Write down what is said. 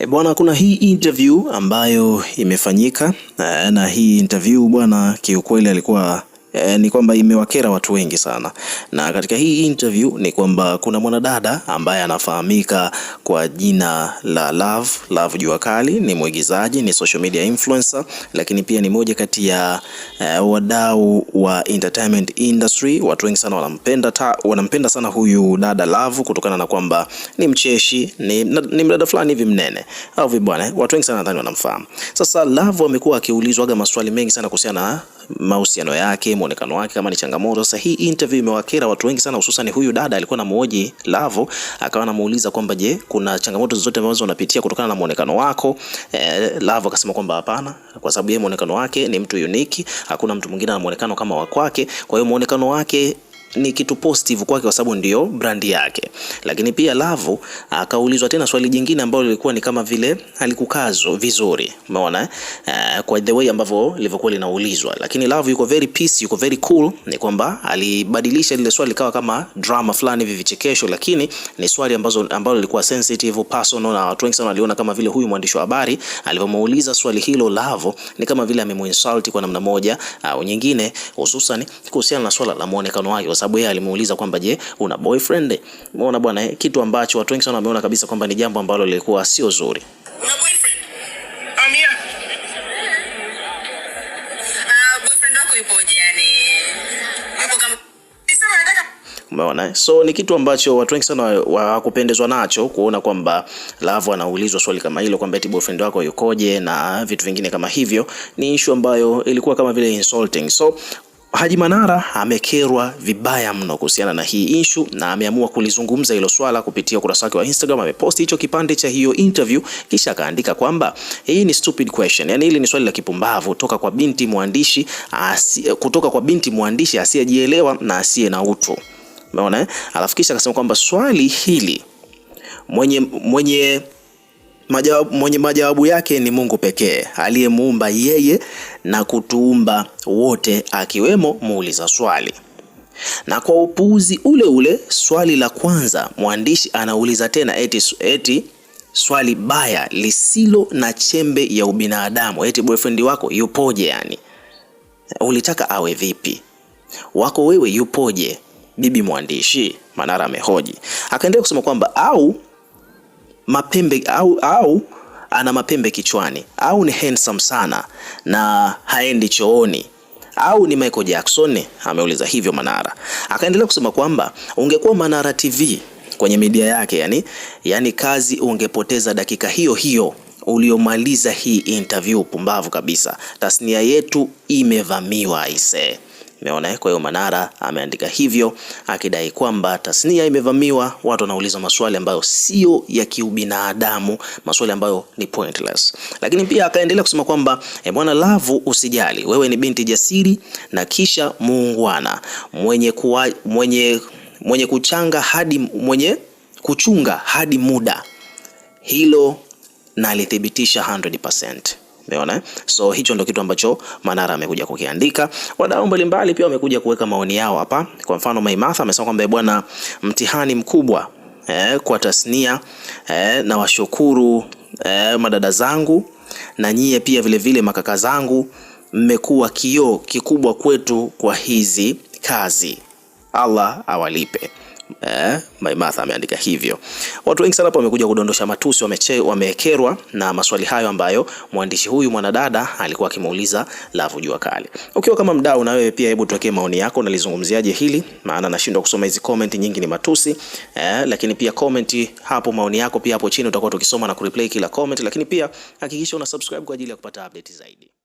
E, bwana kuna hii interview ambayo imefanyika eh, na hii interview bwana, kiukweli alikuwa eh, ni kwamba imewakera watu wengi sana, na katika hii interview ni kwamba kuna mwanadada ambaye anafahamika kwa jina la Love Love Jua Kali. Ni mwigizaji, ni social media influencer, lakini pia ni moja kati ya eh, wadau wa entertainment industry. Watu wengi sana wanampenda ta, wanampenda sana huyu dada Love kutokana na kwamba ni mcheshi, ni, ni mdada fulani hivi mnene au vibwana, watu wengi sana nadhani wanamfahamu. Sasa Love amekuwa akiulizwaga maswali mengi sana kuhusiana na mahusiano yake, muonekano wake kama ni changamoto. Sasa hii interview imewakera watu wengi sana, hususan huyu dada alikuwa na muoji Lavo, akawa anamuuliza kwamba je, kuna changamoto zozote ambazo unapitia kutokana na muonekano wako? E, Lavo akasema kwamba hapana, kwa sababu yeye muonekano wake ni mtu unique, hakuna mtu mwingine ana muonekano kama wa kwake. Kwa hiyo muonekano wake ni kitu positive kwake kwa sababu ndio brandi yake. Lakini pia Lavu akaulizwa tena swali jingine ambalo lilikuwa ni kama vile alikukazo vizuri, umeona uh, kwa the way ambavyo lilivyokuwa linaulizwa. Lakini Lavu yuko very peace, yuko very cool, ni kwamba alibadilisha lile swali likawa kama drama fulani hivi, vichekesho, lakini ni swali ambazo ambalo lilikuwa sensitive personal, na watu wengi sana waliona kama vile huyu mwandishi wa habari alivyomuuliza swali hilo Lavu ni kama vile amemuinsult kwa namna moja au uh, nyingine, hususan kuhusiana na swala la muonekano wake sababu yeye alimuuliza kwamba je, una boyfriend? Umeona bwana, eh, kitu ambacho watu wengi sana wameona kabisa kwamba ni jambo ambalo lilikuwa sio zuri. Ah, Umeona, eh? so ni kitu ambacho watu wengi sana hawakupendezwa nacho, kuona kwamba Love anaulizwa swali kama hilo kwamba eti boyfriend wako yukoje na vitu vingine kama hivyo. Ni issue ambayo ilikuwa kama vile insulting. So Haji Manara amekerwa vibaya mno kuhusiana na hii ishu na ameamua kulizungumza hilo swala kupitia ukurasa wake wa Instagram. Ameposti hicho kipande cha hiyo interview, kisha akaandika kwamba hii ni stupid question, yani hili ni swali la kipumbavu toka kwa binti mwandishi asi, kutoka kwa binti mwandishi asiyejielewa na asiye na utu. Umeona eh? Alafu kisha akasema kwamba swali hili mwenye mwenye majawabu, mwenye majawabu yake ni Mungu pekee aliyemuumba yeye na kutuumba wote akiwemo muuliza swali. Na kwa upuuzi ule ule, swali la kwanza mwandishi anauliza tena eti, eti swali baya lisilo na chembe ya ubinadamu, eti boyfriend wako yupoje? Yani ulitaka awe vipi? Wako wewe yupoje, bibi mwandishi? Manara amehoji, akaendelea kusema kwamba au mapembe au, au ana mapembe kichwani au ni handsome sana na haendi chooni au ni Michael Jackson? Ameuliza hivyo Manara. Akaendelea kusema kwamba ungekuwa Manara TV kwenye media yake, yani yani kazi ungepoteza dakika hiyo hiyo uliomaliza hii interview. Pumbavu kabisa, tasnia yetu imevamiwa aisee. Nimeona eh? hiyo Manara ameandika hivyo akidai kwamba tasnia imevamiwa, watu wanauliza maswali ambayo sio ya kiubinadamu, maswali ambayo ni pointless. Lakini pia akaendelea kusema kwamba e, bwana Lavu, usijali, wewe ni binti jasiri na kisha muungwana mwenye, kuwa, mwenye, mwenye kuchanga hadi mwenye kuchunga hadi muda, hilo nalithibitisha 100%. Umeona So hicho ndio kitu ambacho Manara amekuja kukiandika. Wadau mbalimbali pia wamekuja kuweka maoni yao hapa. Kwa mfano Maimatha amesema kwamba eh, bwana, mtihani mkubwa eh, kwa tasnia eh, na washukuru eh, madada zangu na nyie pia vile vile makaka zangu, mmekuwa kioo kikubwa kwetu kwa hizi kazi. Allah awalipe. Eh, Maimartha ameandika hivyo. Watu wengi sana hapo wamekuja kudondosha matusi, wamekerwa na maswali hayo ambayo mwandishi huyu mwanadada alikuwa akimuuliza Love Jua Kali. Ukiwa kama mdau na wewe pia, hebu tuwekee maoni yako, nalizungumziaje hili maana nashindwa kusoma hizi comment, nyingi ni matusi eh, lakini pia comment hapo, maoni yako pia hapo chini, utakuwa tukisoma na kureplay kila comment, lakini pia hakikisha una subscribe kwa ajili ya kupata update zaidi.